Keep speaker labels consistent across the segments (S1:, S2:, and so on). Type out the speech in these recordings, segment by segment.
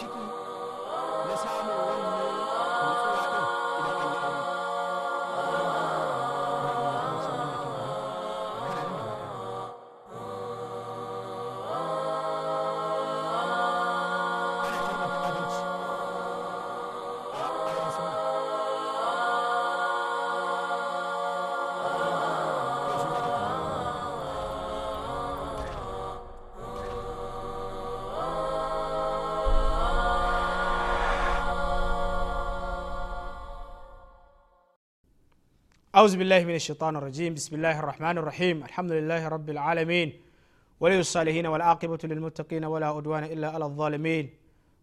S1: 마시고 أعوذ بالله من الشيطان الرجيم بسم الله الرحمن الرحيم الحمد لله رب العالمين ولي الصالحين والعاقبة للمتقين ولا أدوان إلا على الظالمين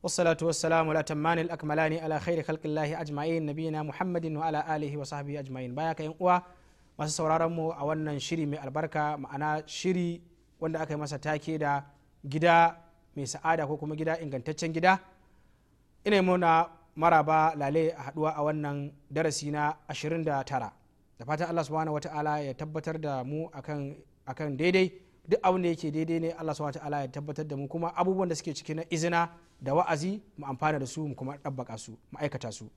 S1: والصلاة والسلام والأتمان الأكملان على خير خلق الله أجمعين نبينا محمد وعلى آله وصحبه أجمعين بايك ينقوى masu sauraron mu a wannan shiri mai albarka ma'ana shiri wanda aka yi masa take da gida mai sa'ada ko kuma gida ingantaccen gida ina muna maraba lale a haduwa a wannan darasi na 29 da fatan allah subhanahu ta'ala ya tabbatar da mu akan daidai duk abin da yake daidai ne allah subhanahu ta'ala ya tabbatar da mu kuma abubuwan da suke ciki na izina da wa'azi mu amfana da su mu kuma ɗabbaka su mu aikata su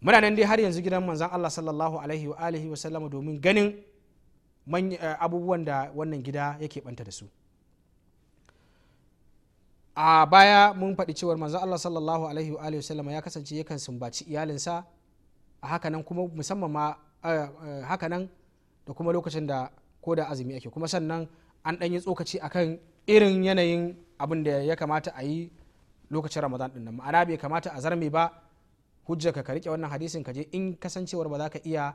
S1: muna nan dai har yanzu gidan manzan allah sallallahu alaihi wa alihi wa sallama domin ganin eh, abubuwan da wannan gida yake banta da su a baya mun faɗi cewar manzan allah sallallahu alaihi wa alihi wa sallama ya kasance yakan sumbaci iyalinsa a haka nan kuma musamman ma haka nan da kuma lokacin da ko da azumi ake kuma sannan an ɗanyi yi tsokaci akan irin yanayin abin da ya kamata a yi lokacin ramadan ɗin nan ma'ana bai kamata a zarme ba hujja ka riƙe wannan hadisin ka je in kasancewar ba za ka iya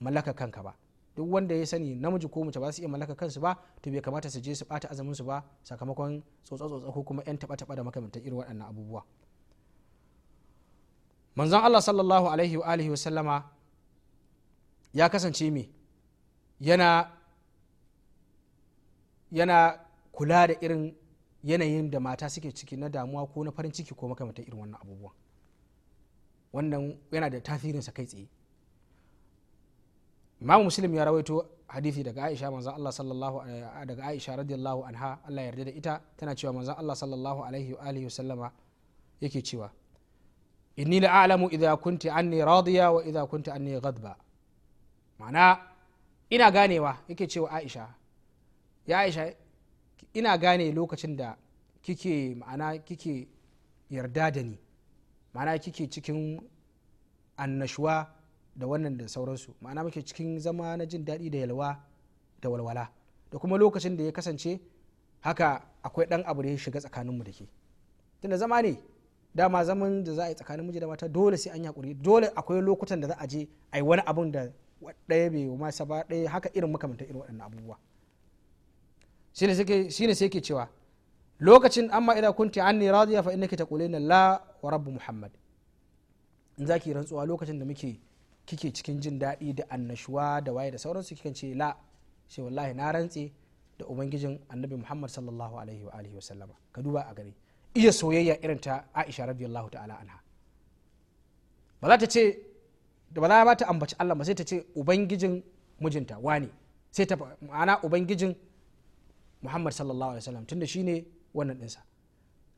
S1: mallaka kanka ba duk wanda ya sani namiji ko mace ba su iya mallaka kansu ba to bai kamata su je su bata azumin su ba sakamakon tsotsa-tsotsa ko kuma yan taba-taba da makamantan irin waɗannan abubuwa manzon Allah sallallahu alaihi wa alihi wa sallama ya kasance me yana yana kula da irin yanayin da mata suke ciki na damuwa ko na farin ciki ko makamata irin wannan abubuwan wannan yana da tasirinsa kai tsaye imamu muslim ya rawaito hadithi daga aisha manzan Allah sallallahu daga aisha radiyallahu anha Allah yarda da ita tana cewa manzan Allah sallallahu alaihi wa alihi sallama yake cewa inni la a'lamu idha kunti anni radiya wa idha kunti anni ghadba mana ina ganewa yake cewa aisha ya aisha ina gane lokacin da kike ma'ana kike yarda da ni ma'ana kike cikin annashuwa da wannan da sauransu ma'ana muke cikin zama na jin daɗi da yalwa da walwala da kuma lokacin da ya kasance haka akwai ɗan abu da ya shiga tsakaninmu da ke tunda zama ne dama zaman da za a yi tsakanin miji da mata dole sai an yi hakuri dole akwai lokutan da za a je a yi wani abun da ɗaya bai wa masa ba ɗaya haka irin makamanta irin waɗannan abubuwa ne sai ke cewa lokacin amma idan kunti anni radiya fa innaki na la wa rabbu muhammad in zaki rantsuwa lokacin da muke kike cikin jin daɗi da annashuwa da waye da sauransu kikan ce la sai wallahi na rantse da ubangijin annabi muhammad sallallahu alaihi wa alihi wa ka duba a gari iya soyayya irin ta aisha radiyallahu ta'ala anha ba za ta ce da ba za ba ta ambaci Allah ba sai ta ce ubangijin mijinta wane sai ta ma'ana ubangijin Muhammad sallallahu alaihi wasallam tunda shine wannan dinsa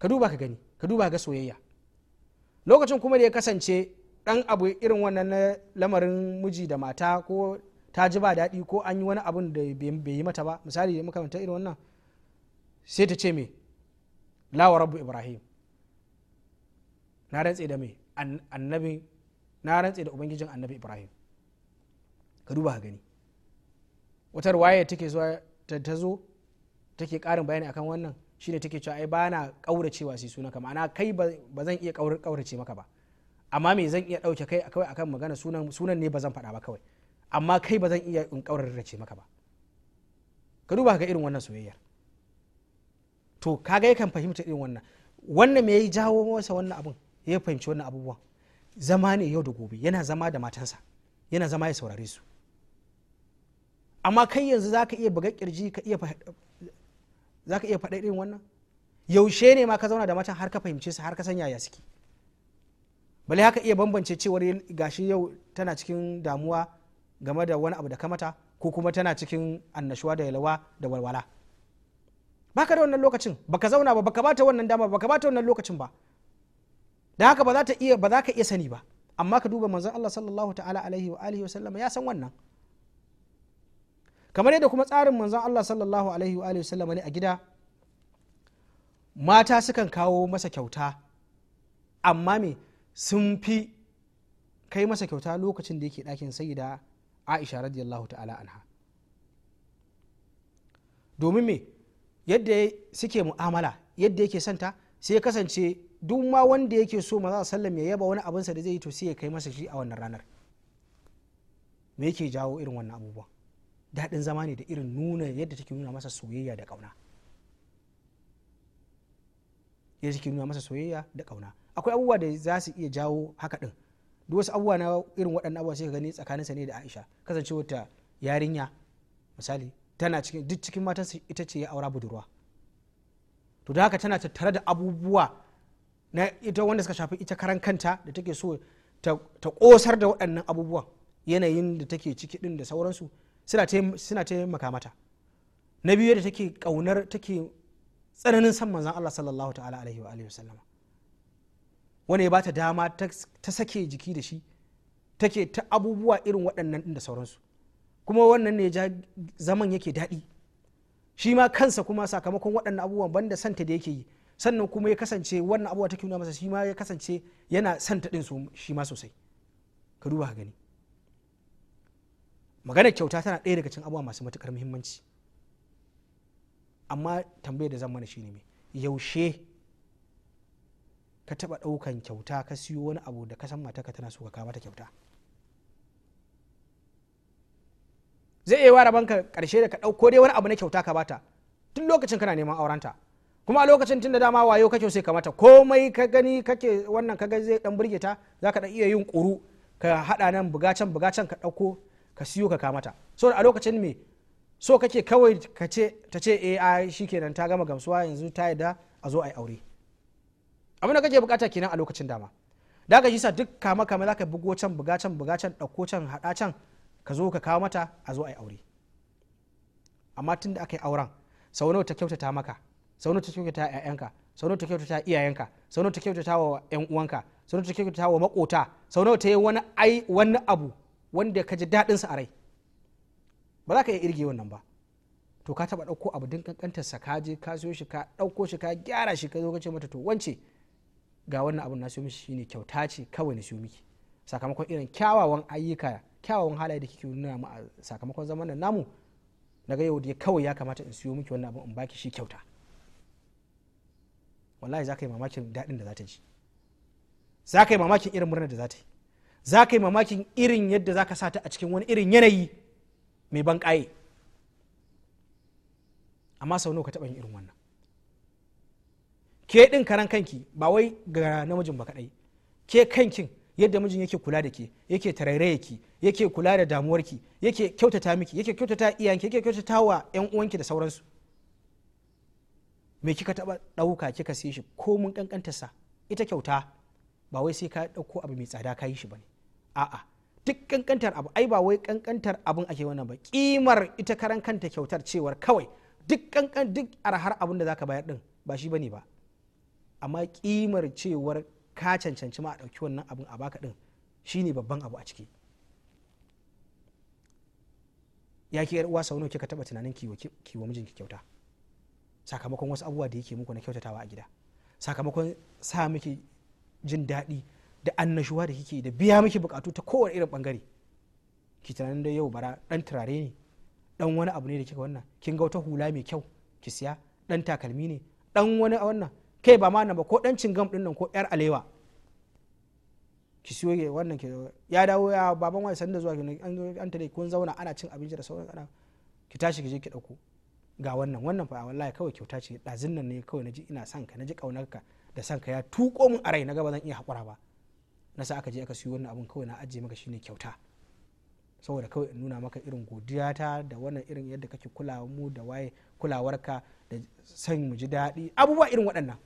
S1: ka duba ka gani ka duba ga soyayya lokacin kuma da ya kasance dan abu irin wannan na lamarin miji da mata ko ta ji ba daɗi ko an yi wani abun da bai yi mata ba misali da makamantar irin wannan sai ta ce me lawa rabbu ibrahim na rantse da me annabi. na rantse da ubangijin annabi ibrahim ka duba ka gani wata ruwaya take zuwa ta zo take karin bayani akan wannan shine take cewa ai ba na cewa sai sunanka ma'ana kai ba zan iya ce maka ba amma me zan iya dauke kai kawai akan magana sunan sunan ne ba zan faɗa ba kawai amma kai ba zan iya in ce maka ba ka duba ka irin wannan soyayyar to kaga yakan fahimta irin wannan wannan me ya jawo masa wannan abun ya fahimci wannan abubuwan zama ne yau da gobe yana zama da matansa yana zama ya saurare su amma kai yanzu za ka iya buga kirji iya za ka iya faɗa wannan yaushe ne ma ka zauna da matan har ka fahimce su har ka san yaya suke bale haka iya bambance cewar gashi yau tana cikin damuwa game da wani abu da kamata ko kuma tana cikin annashuwa da yalwa da walwala baka da wannan lokacin baka zauna ba baka bata wannan dama baka bata wannan lokacin ba da haka ba za ta iya ba za ka iya sani ba amma ka duba manzon Allah sallallahu ta'ala alaihi wa alihi wa sallama ya san wannan kamar yadda kuma tsarin manzon Allah sallallahu alaihi wa alihi wa sallama ne a gida mata sukan kawo masa kyauta amma me sun fi kai masa kyauta lokacin da yake ɗakin sayyida aisha radiyallahu ta'ala anha domin me yadda suke mu'amala yadda yake santa sai kasance duk ma wanda yake so maza sallam ya yaba wani abinsa da zai yi to sai ya kai masa shi a wannan ranar me yake jawo irin wannan abubuwa daɗin zama ne da irin nuna yadda take nuna masa soyayya da ƙauna yadda take nuna masa soyayya da ƙauna akwai abubuwa da za su iya jawo haka ɗin duk wasu abubuwa na irin waɗannan abubuwa sai ka gani tsakaninsa ne da aisha kasancewar ta yarinya misali tana cikin duk cikin matansa ita ce ya aura budurwa to da haka tana tattare da abubuwa na ita wanda suka shafi ita karan kanta da take so ta kosar da waɗannan abubuwan yanayin da take ciki din da sauransu suna taimaka mata na biyu da take kaunar take tsananin san manzan Allah sallallahu ta'ala alaihi wa alihi sallama wanda ya bata dama ta sake jiki da shi take ta abubuwa irin waɗannan din da sauransu kuma wannan ne ja zaman yake daɗi shi ma kansa kuma sakamakon waɗannan abubuwan banda santa da yake yi sannan kuma ya kasance wannan abubuwa take nuna masa shi ma ya kasance yana son ta din shi ma sosai ka duba gani maganar kyauta tana ɗaya daga cikin abubuwa masu matukar muhimmanci amma tambayar da zan mana shine me yaushe ka taba ɗaukan kyauta ka siyo wani abu da ka san matarka tana so ka kawo mata kyauta zai iya ware banka karshe da ka ɗauko dai wani abu na kyauta ka bata tun lokacin kana neman aurenta kuma a lokacin tun da dama wayo kake sai ka mata komai ka gani kake wannan ka gani zai dan burge ta za ka iya yin kuru ka hada nan bugacan bugacan ka dauko ka siyo ka mata so a lokacin me so kake kawai ka ce ta ce eh shikenan ta gama gamsuwa yanzu ta yadda a zo ai aure abin da kake bukata kenan a lokacin dama da shi sa duk kama kama za ka bugo can buga can buga can dauko can hada can ka zo ka kawo mata a zo ai aure amma tun da aka yi auren sau nawa ta kyautata maka sau ta kyautata a sau nawa ta kyautata iyayenka sau ta kyautata wa yan uwanka sau ta kyautata wa makota sau ta yi wani ai wani abu wanda ka ji daɗin a rai ba za ka iya irge wannan ba to ka taɓa ɗauko abu din kankantar sa ka je ka siyo shi ka ɗauko shi ka gyara shi ka zo ka ce mata to wance ga wannan abun na siyo miki shine kyauta ce kawai na siyo miki sakamakon irin kyawawan ayyuka kyawawan halaye da kike nuna mu a sakamakon zaman nan namu daga yau da kawai ya kamata in siyo miki wannan abun in baki shi kyauta wallahi za ka yi mamakin daɗin da za ta ji za ka yi mamakin irin murnar da za ta yi za ka yi mamakin irin yadda za ka sa ta a cikin wani irin yanayi mai ban ƙaye amma sau nawa ka taɓa yin irin wannan ke ɗin karan kanki ba wai ga namijin ba kaɗai ke kankin yadda mijin yake kula da ke yake tarairaye ki yake kula da damuwarki yake kyautata miki yake kyautata iyanki yake kyautata wa 'yan uwanki da sauransu me kika taba ɗauka kika sai shi ko mun kankanta sa ita kyauta ba wai sai ka ɗauko abu mai tsada ka yi shi bane a'a duk kankantar abu ai ba wai kankantar abun ake wannan ba kimar ita karan kanta kyautar cewar kawai duk kankan duk arhar abun da zaka bayar din ba shi bane ba amma kimar cewar ka cancanci ma a ɗauki wannan abun a baka din shine babban abu a ciki ya ki uwa sau nawa kika taba tunanin kiwo mijinki kyauta sakamakon wasu abubuwa da yake muku na kyautatawa a gida sakamakon sa miki jin daɗi da annashuwa da kike da biya miki bukatu ta kowane irin bangare ki tunanin da yau bara dan turare ne dan wani abu ne da kika wannan kin ga wata hula mai kyau ki siya dan takalmi ne dan wani a wannan kai ba ma ba ko dan cingam din nan ko yar alewa ki siyo wannan ke ya dawo ya baban wani sanda zuwa an tare kun zauna ana cin abinci da sauran ana ki tashi ki je ki dauko ga wannan wannan fa wallahi kawai kyauta ce ɗazin nan ne kawai na naji ina son ka ji ƙaunar ka da son ka ya tuko min a rai na gaba zan iya haƙura ba na sa aka je aka siyo wannan abun kawai na ajiye maka shine kyauta saboda kawai in nuna maka irin godiyata da wannan irin yadda kake kulawa mu da waye kulawarka da son mu ji daɗi abubuwa irin waɗannan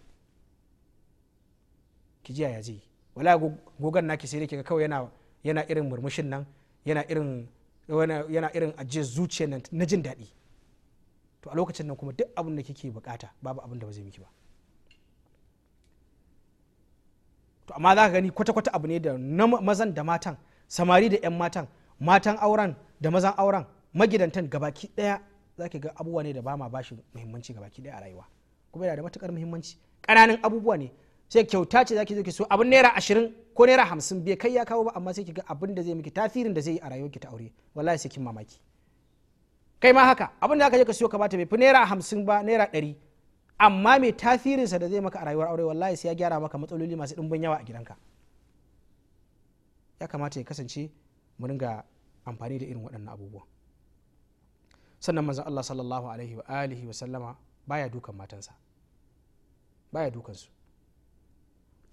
S1: ki ji ya ji wala gogan naki sai dai ga kawai yana yana irin murmushin nan yana irin yana irin ajiyar zuciyar nan na jin daɗi to a lokacin nan kuma duk abin da kike bukata babu abin da ba zai miki ba to amma za ka gani kwata-kwata abu ne da na mazan da matan samari da 'yan matan matan auren da mazan auren magidantan gabaki daya za ki ga abubuwa ne da ba ma bashi muhimmanci gabaki daya a rayuwa kuma yana da matukar muhimmanci ƙananan abubuwa ne sai kyauta ce za ki zo ki so abin naira ashirin ko naira hamsin bai kai ya kawo ba amma sai ki ga abin da zai miki tasirin da zai yi a rayuwarki ta aure wallahi sai kin mamaki kai ma haka abin da aka je ka siyo ka bata bai fi naira hamsin ba naira ɗari amma mai tasirinsa da zai maka a rayuwar aure wallahi sai ya gyara maka matsaloli masu ɗumbin yawa a gidanka ya kamata ya kasance mu ringa amfani da irin waɗannan abubuwan sannan manzon Allah sallallahu alaihi wa alihi wa sallama baya dukan matansa baya dukan su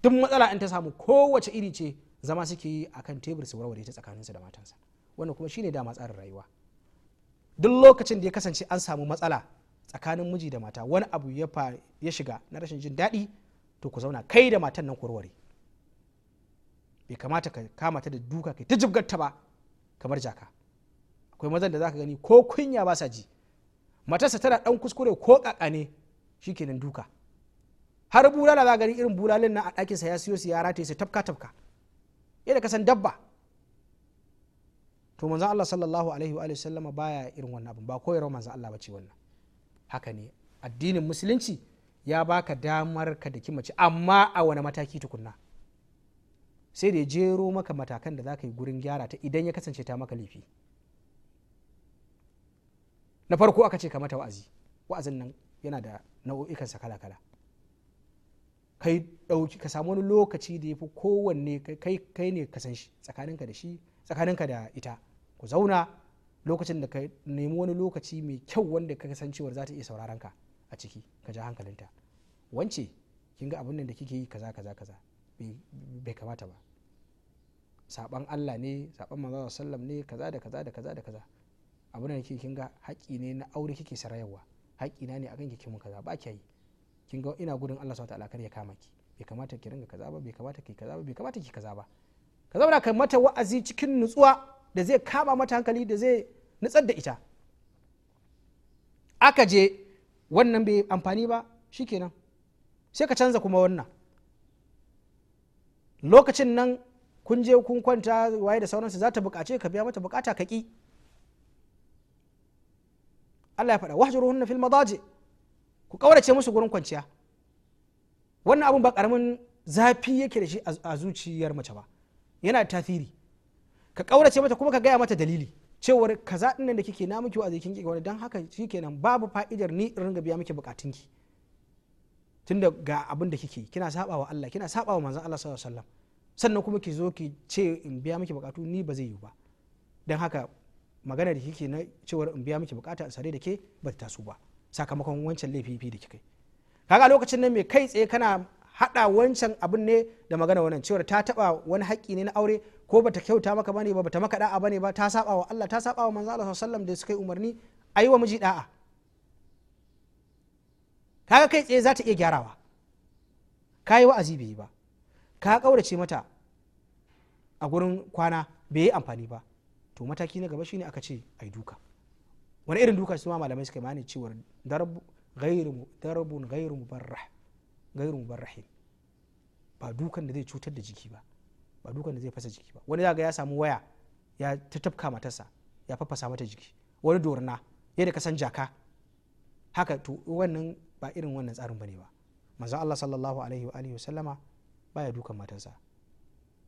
S1: duk matsala in ta samu kowace iri ce zama suke yi akan tebur su warware ta tsakaninsa da matansa wannan kuma shine dama tsarin rayuwa duk lokacin da ya kasance an samu matsala tsakanin miji da mata wani abu ya shiga na rashin jin daɗi to ku zauna kai da matan nan kurware bai kamata ka kama ta da duka kai ta jibgarta ba kamar jaka akwai mazan da zaka gani ko kunya ba sa ji matarsa tana ɗan kuskure ko kaka ne shikenan duka har bulala za gani irin bulalin nan a ɗakinsa ya siyo su ta yi su tafka tafka yadda ka san dabba to manzo Allah sallallahu alaihi wa sallama baya irin wannan abin ba koyarwa manzo Allah bace wannan haka ne addinin musulunci ya baka damar ka da kimace amma a wani mataki tukunna sai da jero maka matakan da zaka yi gurin gyara ta idan ya kasance ta maka laifi na farko aka ce ka mata wa'azi wa'azin nan yana da nau'ikansa kala-kala kai dauki ka samu wani lokaci da yafi fi kai kai ne ka san shi tsakaninka da shi tsakaninka da ita ku zauna lokacin da ka nemi wani lokaci mai kyau wanda ka san cewar za ta iya sauraron ka a ciki ka ja hankalinta wance kin ga abin da kike yi kaza kaza kaza bai kamata ba saban Allah ne saban manzo sallam ne kaza da kaza da kaza da kaza abin da kike kin ga haƙi ne na aure kike sarayawa. haƙi na ne akan kike mun kaza ba kiyayi kin ga ina gudun Allah subhanahu wa kar ya kama ki bai kamata ki ringa kaza ba bai kamata ki kaza ba bai kamata ki kaza ba ka zauna ka mata wa'azi cikin nutsuwa da zai kama mata hankali da zai nutsar da ita aka je wannan bai amfani ba shikenan sai ka canza kuma wannan lokacin nan kun je kun kwanta waye da sauransu za ta bukace ka biya mata bukata ka ki Allah ya faɗa wahjuruhunna fil madaji ku kaurace musu gurin kwanciya wannan abun ba karamin zafi yake da shi a zuciyar mace ba yana tasiri ka kaurace mata kuma ka gaya mata dalili cewar kaza din da kike na miki wa kin wani dan haka shikenan babu fa'idar ni in ringa biya miki bukatunki tunda ga abin da kike kina saba wa Allah kina saba wa manzon Allah sallallahu alaihi wasallam sannan kuma ki zo ki ce in biya miki bukatu ni ba zai yi ba dan haka magana da kike na cewar in biya miki bukata in sare da ke ba ta taso ba sakamakon wancan laifi da kike kaga lokacin nan mai kai tsaye kana Haɗa wancan abin ne da magana wannan cewar ta taba wani haƙƙi ne na aure ko bata kyauta maka bane ba bata maka da'a bane ba ta saba wa Allah ta saba wa manzo Allah sallallahu da suka yi umarni ayi wa miji da'a kaga kai tsaye za ta iya gyarawa kayi wa'azi bai yi ba ka kaurace mata a gurin kwana bai yi amfani ba to mataki na gaba shine aka ce ai duka wani irin duka su ma malamai suka yi mani cewar darbun ghairu mubarrah gairu mubarrahin ba dukan da zai cutar da jiki ba ba dukan da zai fasa jiki ba wani zaga ya samu waya ya ta tafka matarsa ya fafasa mata jiki wani dorna yadda ka san jaka haka to wannan ba irin wannan tsarin bane ba manzo Allah sallallahu alaihi wa alihi sallama baya dukan matarsa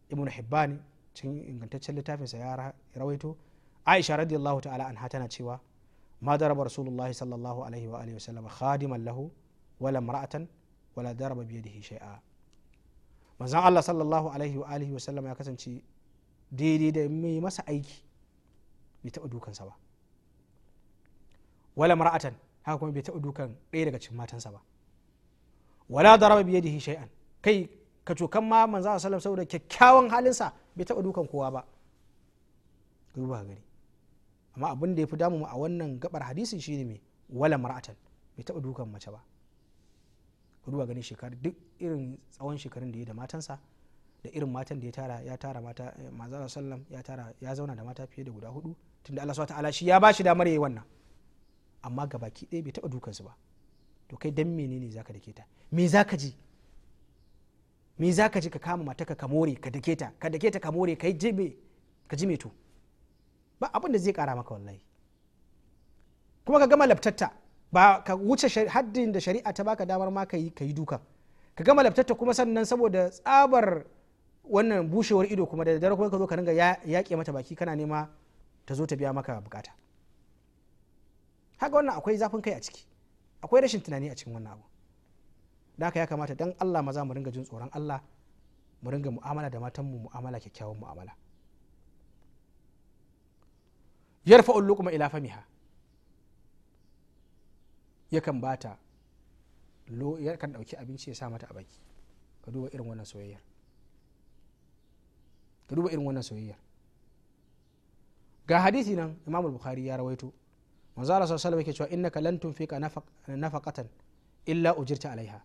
S1: ibnu hibban cikin ingantaccen littafinsa ya rawaito aisha radiyallahu ta'ala anha tana cewa ma daraba rasulullahi sallallahu alaihi wa alihi sallama khadiman lahu wala mar'atan wala daraba biya da shay'a manzon Allah sallallahu alaihi wa alihi wasallam ya kasance daidai da mai masa aiki bai taɓa dukansa ba wala mar'atan haka kuma bai taɓa dukan ɗaya daga cikin matansa ba wala daraba biya da shay'an kai ka cokan ma manzon Allah saboda kyakkyawan halinsa bai taɓa dukan kowa ba duba gari amma abin da ya fi damu a wannan gabar hadisin shine mai wala mar'atan bai taɓa dukan mace ba ruwa ganin shekaru duk irin tsawon shekarun da ya da matansa da irin matan da ya tara ya tara mata eh, manzo sallam ya tara ya zauna da mata fiye da guda hudu tunda Allah subhanahu ta'ala shi ya bashi damar yayi wannan amma gabaki ɗaya bai taɓa dukan su ba to kai dan menene zaka dake ta me zaka ji me zaka ji ka kama mata ka kamore ka dake ta ka dake ta ka kai jibe ka ji me to ba abin zai kara maka wallahi kuma ka gama laftatta ba ka wuce haddin da shari'a ta baka damar ma ka yi duka ka gama laftatta kuma sannan saboda tsabar wannan bushewar ido kuma da dare kuma ka zo ka ringa yaƙe mata baki kana nema ta zo ta biya maka bukata haka wannan akwai zafin kai a ciki akwai rashin tunani a cikin wannan abu da ya kamata dan Allah maza mu ringa jin tsoron Allah mu ringa mu'amala da matan mu mu'amala kyakkyawan mu'amala yarfa'ul luqma ila famiha yakan bata lo yakan ɗauki abinci ya sa mata a baki ka duba irin wannan soyayyar ka duba irin wannan soyayyar ga hadisi nan imam bukhari ya rawaito manzo Allah sallallahu alaihi cewa innaka lan tunfiqa nafaqatan illa ujirta alaiha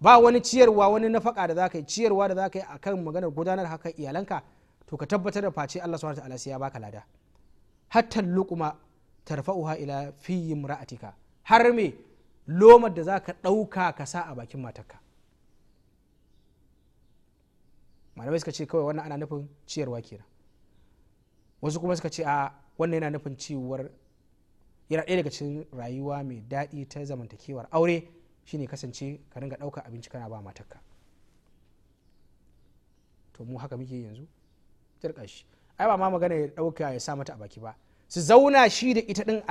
S1: ba wani ciyarwa wani nafaka da zaka yi ciyarwa da zaka yi akan maganar gudanar haka iyalanka to ka tabbatar da face Allah subhanahu wa ta'ala sai ya baka lada hatta luquma tarfa'uha ila fi imra'atika har me lomar da za ka ɗauka ka sa a bakin matarka malamai suka ce kawai wannan ana nufin ciyarwa kenan wasu kuma suka ce a wannan yana nufin ciwar yana ɗaya daga cikin rayuwa mai daɗi ta zamantakewar aure shine kasance ka ringa ɗauka abinci kana ba matarka to mu haka muke yanzu shi ai ba ma magana ya ɗauka ya sa mata a baki ba su zauna shi da ita din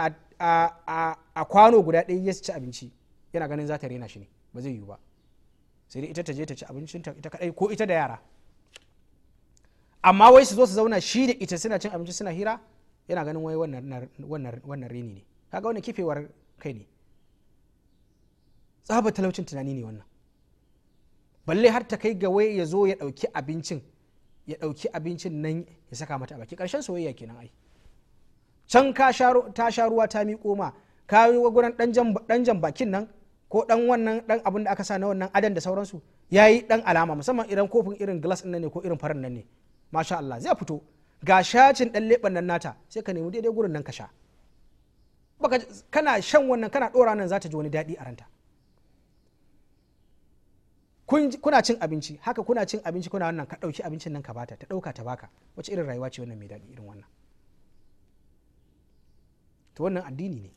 S1: a kwano guda ɗaya ya ci abinci yana ganin za ta rena shi ne ba zai yiwu ba sai dai ita ta je ta ci abincin ta ita kadai ko ita da yara amma wai su zo su zauna shi da ita suna cin abinci suna hira yana ganin wai wannan reni ne kaga wannan kifewar kai ne tsaba talaucin tunani ne wannan balle har ta kai ga wai ya zo ya ɗauki abincin ya ɗauki abincin nan ya saka mata a baki ƙarshen soyayya kenan ai can ta sha ruwa ta miƙo ma ka yi wa gudan ɗan jan bakin nan ko ɗan wannan ɗan abin da aka sa na wannan adan da sauransu ya yi ɗan alama musamman idan kofin irin glass ɗin nan ne ko irin farin nan ne masha Allah zai fito ga shacin ɗan leɓen nan nata sai ka nemi daidai gurin nan ka sha baka kana shan wannan kana ɗora nan za ta ji wani daɗi a ranta kuna cin abinci haka kuna cin abinci kuna wannan ka ɗauki abincin nan ka bata ta ɗauka ta baka wace irin rayuwa ce wannan mai daɗi irin wannan to wannan addini ne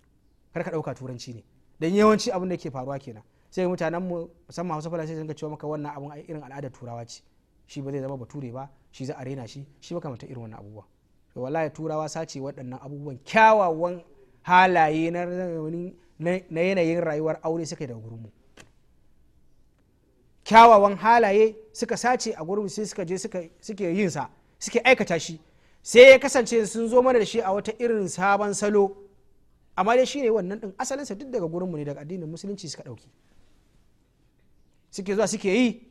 S1: kar ka ɗauka turanci ne dan yawanci abin da ke faruwa kenan sai mutanen mu musamman hausa fulani sai sun ga cewa maka wannan abun ai irin al'adar turawa ce shi ba zai zama bature ba shi za a rena shi shi mata irin wannan abubuwa to wallahi turawa sace waɗannan abubuwan kyawawan halaye na yanayin rayuwar aure suka yi daga gurinmu kyawawan halaye suka sace a gurin sai suka je suke yin sa suke aikata shi sai ya kasance sun zo mana da shi a wata irin sabon salo amma dai shine wannan din asalinsa duk daga gurinmu ne daga addinin musulunci suka ɗauki suke zuwa suke yi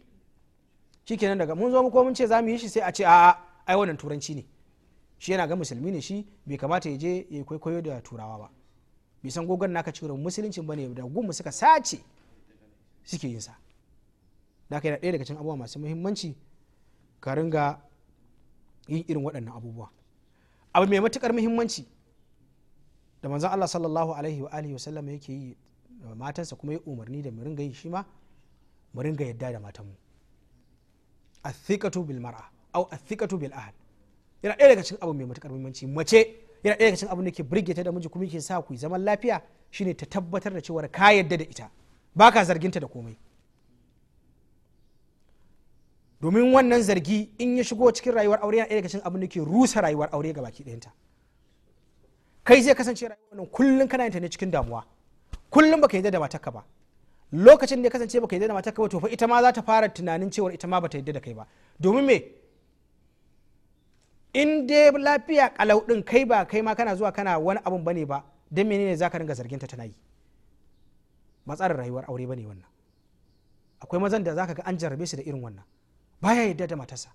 S1: shikenan daga mun zo mu ko mun ce za mu yi shi sai a ce a'a ai wannan turanci ne shi yana ga musulmi ne shi bai kamata ya je ya yi kwaikwayo da turawa ba bai san gogon naka cikin musulunci bane da gunmu suka sace suke yin sa da kai da ɗaya daga cikin abubuwa masu muhimmanci ka ringa yin irin waɗannan abubuwa abu mai matukar muhimmanci da manzon Allah sallallahu alaihi wa alihi wasallam yake yi matansa kuma ya umarni da mu ringa yi shi ma mu ringa yadda da matanmu athiqatu bil mar'a aw athiqatu bil ahl yana ɗaya daga cikin abu mai matukar muhimmanci mace yana ɗaya daga cikin abu da ke burge ta da miji kuma yake sa ku zaman lafiya shine ta tabbatar da cewa ka yadda da ita baka zarginta da komai domin wannan zargi in ya shigo cikin rayuwar aure yana ɗaya daga cikin abu da ke rusa rayuwar aure ga baki ɗayanta kai zai kasance rayuwar nan kullum kana yin ta ne cikin damuwa kullum baka yarda da matarka ba lokacin da ya kasance baka yarda da matarka ba to fa ita ma za ta fara tunanin cewa ita ma bata yarda da kai ba domin me in dai lafiya kalau din kai ba kai ma kana zuwa kana wani abun bane ba dan menene zaka ringa zargin ta tana yi matsalar rayuwar aure bane wannan akwai mazan da zaka ga an jarrabe su da irin wannan baya yarda da matarsa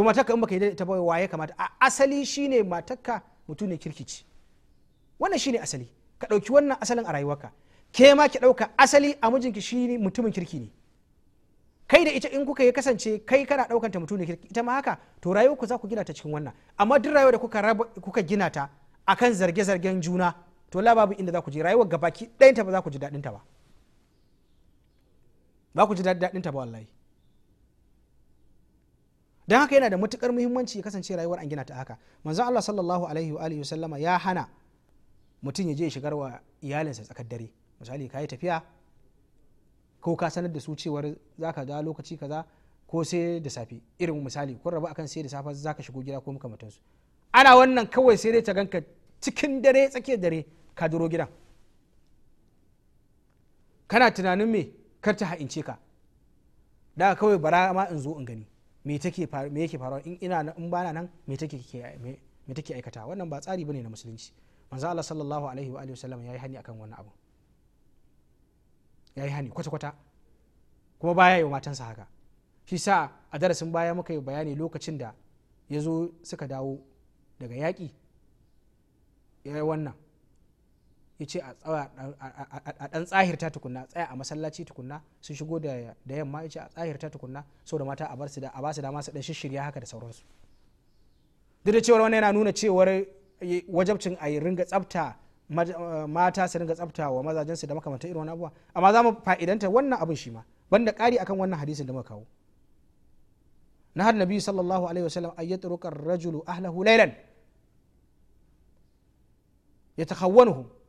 S1: to matakka in baka yi ta ba waye kamata a asali shine matakka mutum ne kirkici wannan shine asali ka dauki wannan asalin a rayuwarka ke ma ki dauka asali a mijinki shine mutumin kirki ne kai da ita in kuka yi kasance kai kana ɗaukanta mutum ne kirki ita ma haka to ku za ku gina ta cikin wannan amma duk rayuwar da kuka raba kuka gina ta akan zarge-zargen juna to la babu inda za ku je rayuwar gabaki ɗayanta ba za ku ji ta ba ba ku ji ta ba wallahi don haka yana da matukar muhimmanci ya kasance rayuwar an gina ta haka manzon Allah sallallahu alaihi wa alihi sallama ya hana mutum ya je ya shigar wa iyalinsa tsakar dare misali kayi tafiya ko ka sanar da su cewar zaka da lokaci kaza ko sai da safe irin misali ko rabu akan sai da safe zaka shigo gida ko su ana wannan kawai sai dai ta ganka cikin dare tsakiyar dare ka duro gidan kana tunanin me kar ta ha'ince ka da kawai bara ma in zo in gani me take me yake faruwa in ina in bana nan me take me take aikata wannan ba tsari bane na musulunci manzo Allah sallallahu alaihi wa alihi wasallam yayi hani akan wannan abu yayi hani kwata kwata kuma baya yi wa matansa haka shi sa a darasin baya muka yi bayani lokacin da ya zo suka dawo daga yaƙi ya yi wannan ya ce a ɗan tsahirta tukunna tsaya a masallaci tukunna sun shigo da yamma ya ce a tsahirta tukunna so da mata a ba su dama su ɗan shishirya haka da sauransu duk da cewar wani yana nuna cewar wajabcin a ringa tsafta eh, mata su ringa tsafta wa mazajen su da makamanta irin wani abuwa amma za mu fa'idanta wannan abin shi ma banda ƙari akan wannan hadisin da muka kawo na har nabi sallallahu alaihi wasallam ayyatu rajulu ahlahu laylan yatakhawwanuhum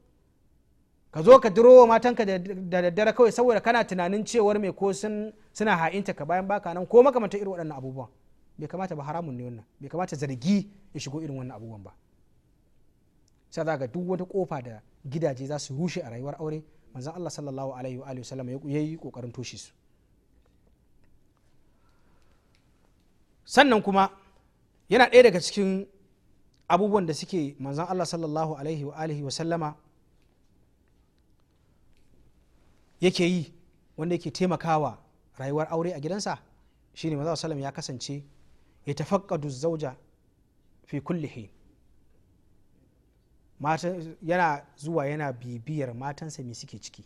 S1: ka zo ka wa matanka da daddare kawai saboda kana tunanin cewar mai ko suna ha'inta ka bayan baka nan ko makamanta irin waɗannan abubuwan bai kamata ba haramun ne wannan bai kamata zargi ya shigo irin wannan abubuwan ba sai za ga duk wata kofa da gidaje za su rushe a rayuwar aure manzon Allah sallallahu alaihi wa alihi wasallam ya yi kokarin toshe su sannan kuma yana ɗaya daga cikin abubuwan da suke manzon Allah sallallahu alaihi wa alihi wasallama yake yi wanda yake taimakawa rayuwar aure a gidansa shine Maza sallam ya kasance ya tafaqqadu zauja fi kulli yana zuwa yana bibiyar matansa me suke ciki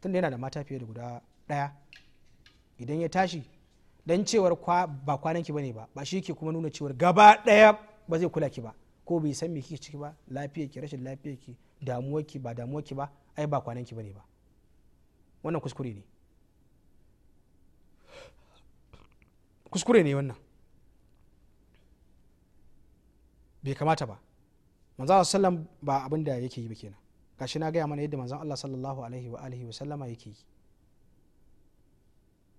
S1: tunda yana da mata fiye da guda ɗaya idan ya tashi dan cewar ba kwanan ki ne ba ba shi ke kuma nuna cewar gaba ɗaya ba zai kula ki ba ko bai san me kike ciki ba lafiyar ki rashin lafiyar ki damuwarki ba damuwarki ba ai ba kwananki bane ba wannan kuskure ne kuskure ne wannan bai kamata ba manzan sallam ba abin da yake yi ba kenan gashi na gaya mana yadda manzan allah sallallahu alaihi wa alihi wa sallama yake yi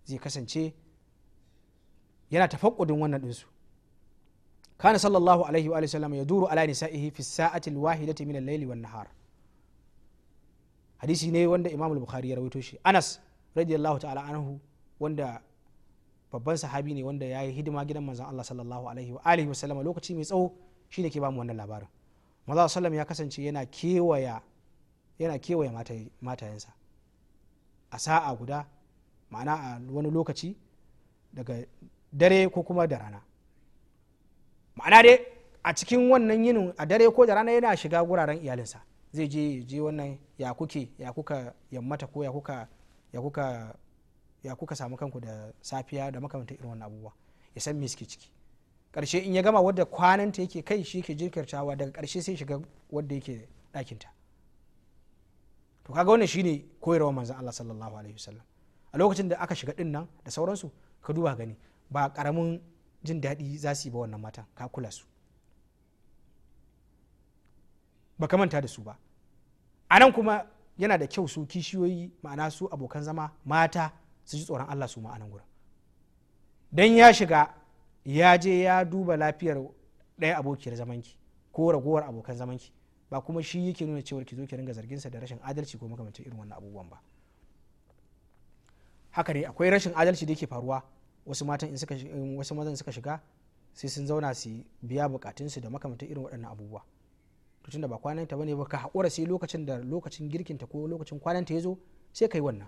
S1: zai kasance yana tafakkudin wannan ɗinsu kana sallallahu alaihi wa sallam ya duru ala nisa'ihi fi sa'ati alwahidati min al-layli wan nahar hadisi ne wanda imamul al ya rawaito shi anas radiyallahu ta'ala anhu wanda babban sahabi ne wanda ya yi hidima gidan maza Allah sallallahu alaihi wa alihi wa sallam lokaci mai tsawo shine ke bamu wannan labarin manzon sallam ya kasance yana kewaya yana kewaye matayensa a sa'a guda ma'ana a wani lokaci daga dare ko kuma da rana ma'ana dai a cikin wannan yinin a dare ko da rana yana shiga guraren iyalinsa zai je je wannan ya kuke ya kuka yammata ko ya kuka ya kuka ya kuka samu kanku da safiya da makamantar irin wannan abubuwa ya san me suke ciki karshe in ya gama wadda kwananta yake kai shi ke jirkirtawa daga karshe sai shiga wadda yake ɗakinta to kaga wannan shine koyarwa manzon Allah sallallahu alaihi wasallam a lokacin da aka shiga din nan da sauransu ka duba gani ba karamin jin daɗi za su yi ba wannan matan ka kula su ba ka manta da su ba a nan kuma yana da kyau su kishiyoyi ma'ana su abokan zama mata su ji tsoron allah su ma a nan gurin don ya shiga ya je ya duba lafiyar ɗaya abokiyar zamanki ko ragowar abokan zamanki ba kuma shi yake nuna cewar ki zo ki ringa zarginsa da rashin adalci ko makamancin irin wannan abubuwan ba haka ne akwai rashin adalci da yake faruwa wasu matan in suka wasu mazan suka shiga sai sun zauna su biya bukatunsu da makamantan irin waɗannan abubuwa to tunda ba kwanan ta bane ba ka haƙura sai lokacin da lokacin girkin ta ko lokacin kwanan ta yazo sai kai wannan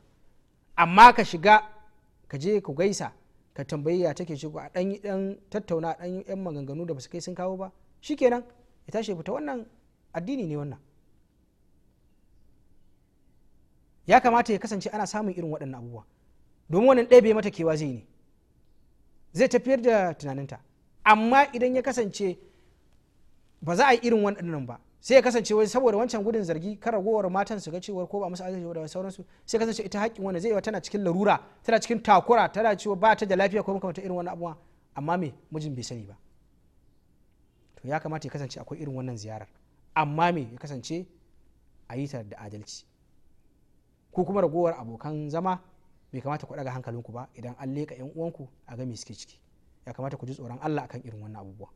S1: amma ka shiga ka je ku gaisa ka tambayi ya take shigo a dan dan tattauna dan yan maganganu da basu kai sun kawo ba shikenan ya tashi fita wannan addini ne wannan ya kamata ya kasance ana samun irin waɗannan abubuwa domin wannan ɗaya bai mata kewa zai ne zai tafiyar da tunaninta amma idan ya kasance ba za a yi irin waɗannan ba sai ya kasance wai saboda wancan gudun zargi ka ragowar matan su ga cewar ko ba musu arziki da sauransu sai kasance ita haƙƙin wanda zai yi tana cikin larura tana cikin takura tana cewa ba ta da lafiya ko makamata irin wani abuwa amma me mijin bai sani ba to ya kamata ya kasance akwai irin wannan ziyarar amma me ya kasance a yi ta da adalci ko kuma ragowar abokan zama bai kamata ku daga hankalinku ba idan an leka yan uwanku a ga me suke ciki ya kamata ku ji tsoron Allah akan irin wannan abubuwa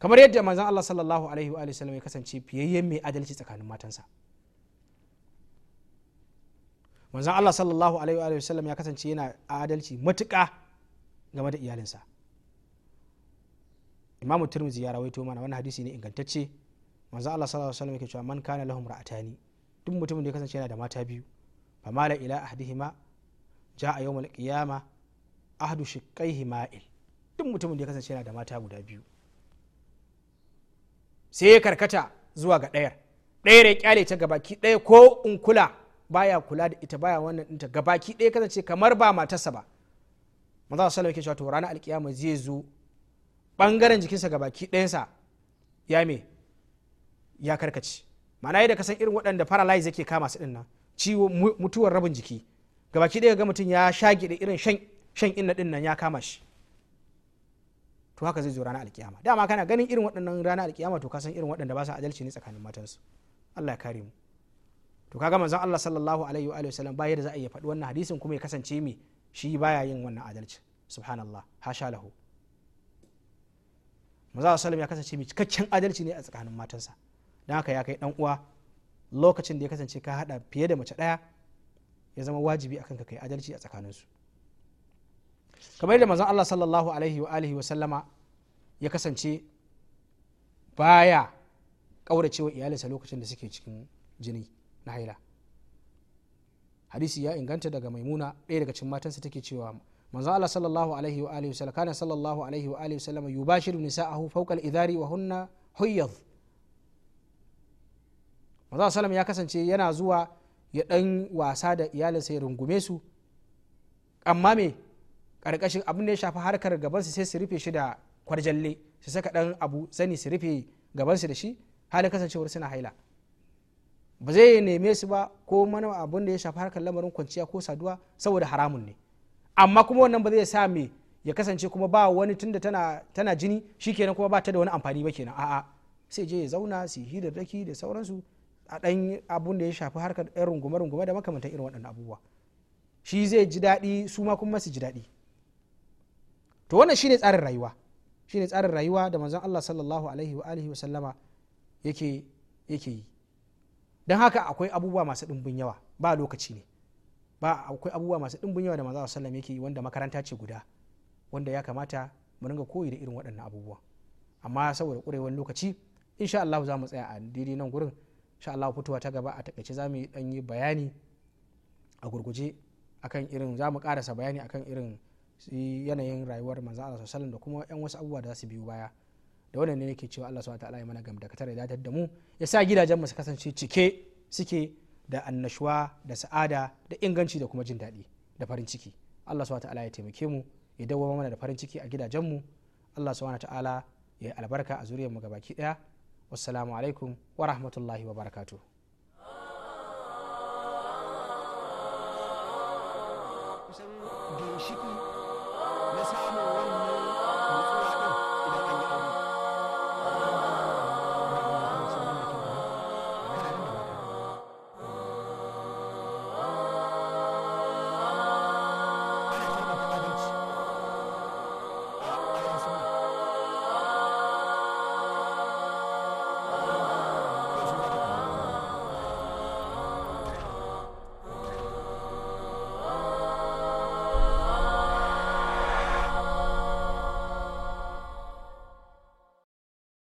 S1: kamar yadda manzon Allah sallallahu alaihi wa sallam ya kasance fiyayyen mai adalci tsakanin matansa manzon Allah sallallahu alaihi wa sallam ya kasance yana adalci matuƙa game da iyalinsa imam turmizi ya rawaito mana wani hadisi ne ingantacce manzon Allah sallallahu alaihi wa sallam yake cewa man kana lahum ra'atani duk mutumin da ya kasance yana da mata biyu famala ila ahdihima ja'a yawmal qiyama ahdu shiqqaihi hima'il duk mutumin da ya kasance yana da mata guda biyu sai ya karkata zuwa ga ɗayar ɗayar ya kyale ta gabaki ɗaya ko in kula baya kula da ita baya wannan ɗinta gabaki ɗaya kasance kamar ba matarsa ba maza su alaihi wasallam to ranar alkiyama zai zo bangaren jikinsa gabaki ɗayansa ya me ya karkace ma'ana yadda kasan irin waɗanda paralyze yake kama su ɗin nan ciwo mutuwar rabin jiki gabaki ɗaya ga mutum ya shage da irin shan inna ɗin nan ya kama shi to haka zai zo ranar alkiyama dama kana ganin irin waɗannan ranar alkiyama to kasan irin waɗanda ba sa adalci ne tsakanin matansu Allah ya kare mu to kaga manzon Allah sallallahu alaihi wa sallam ba yadda za a iya faɗi wannan hadisin kuma ya kasance mi shi baya yin wannan adalci subhanallah hasha lahu manzon sallam ya kasance mi cikakken adalci ne a tsakanin matansa don haka ya kai dan uwa lokacin da ya kasance ka hada fiye da mace ɗaya ya zama wajibi akan ka kai adalci a tsakaninsu kamar da manzon Allah sallallahu alaihi wa alihi wa sallama ya kasance baya kauracewa iyalinsa lokacin da suke cikin jini na haila hadisi ya inganta daga maimuna ɗaya daga cikin matansa take cewa manzo Allah sallallahu alaihi wa alihi sallama. kana sallallahu alaihi wa alihi wasallam yubashiru nisa'ahu fawqa al-idhari wa hunna huyadh. maza salam ya kasance yana zuwa ya dan wasa da iyalinsa ya rungume su amma me karkashin abin da ya shafi harkar gabansu sai su rufe shi da kwarjalle su saka dan abu zani su rufe gabansu da shi halin kasancewar suna haila ba zai neme su ba ko mana abin da ya shafi harkar lamarin kwanciya ko saduwa saboda haramun ne amma kuma wannan ba zai sa me ya kasance kuma ba wani tunda tana tana jini shikenan kuma ba ta da wani amfani ba kenan a'a sai je ya zauna su hirarraki da sauransu a ɗan abun da ya shafi harkar yan rungume rungume da makamantan irin waɗannan abubuwa shi zai ji daɗi su ma kuma su ji daɗi to wannan shine tsarin rayuwa shine tsarin rayuwa da manzon Allah sallallahu alaihi wa alihi wa sallama yake yake yi don haka akwai abubuwa masu ɗumbin yawa ba lokaci ne ba akwai abubuwa masu ɗimbin yawa da manzo sallam yake wanda makaranta ce guda wanda ya kamata mu ringa koyi da irin waɗannan abubuwa amma saboda ƙurewar lokaci insha Allah za mu tsaya a daidai nan gurin sha Allah fitowa ta gaba a takaice za mu yi dan yi bayani a gurguje akan irin za mu karasa bayani akan irin yanayin rayuwar manzo Allah sallallahu da kuma yan wasu abubuwa da za su biyo baya da wannan ne nake cewa Allah subhanahu ta'ala ya mana gamdakatar ya datar da mu ya sa gidajen mu su kasance cike suke da annashuwa da sa'ada da inganci da kuma jin daɗi da farin ciki Allah subhanahu ta'ala ya taimake mu ya dawo mana da farin ciki a gidajen mu Allah subhanahu ta'ala ya albarka a zuriyar mu gabaki daya wassalamu alaikum wa rahmatullahi wa barakatuh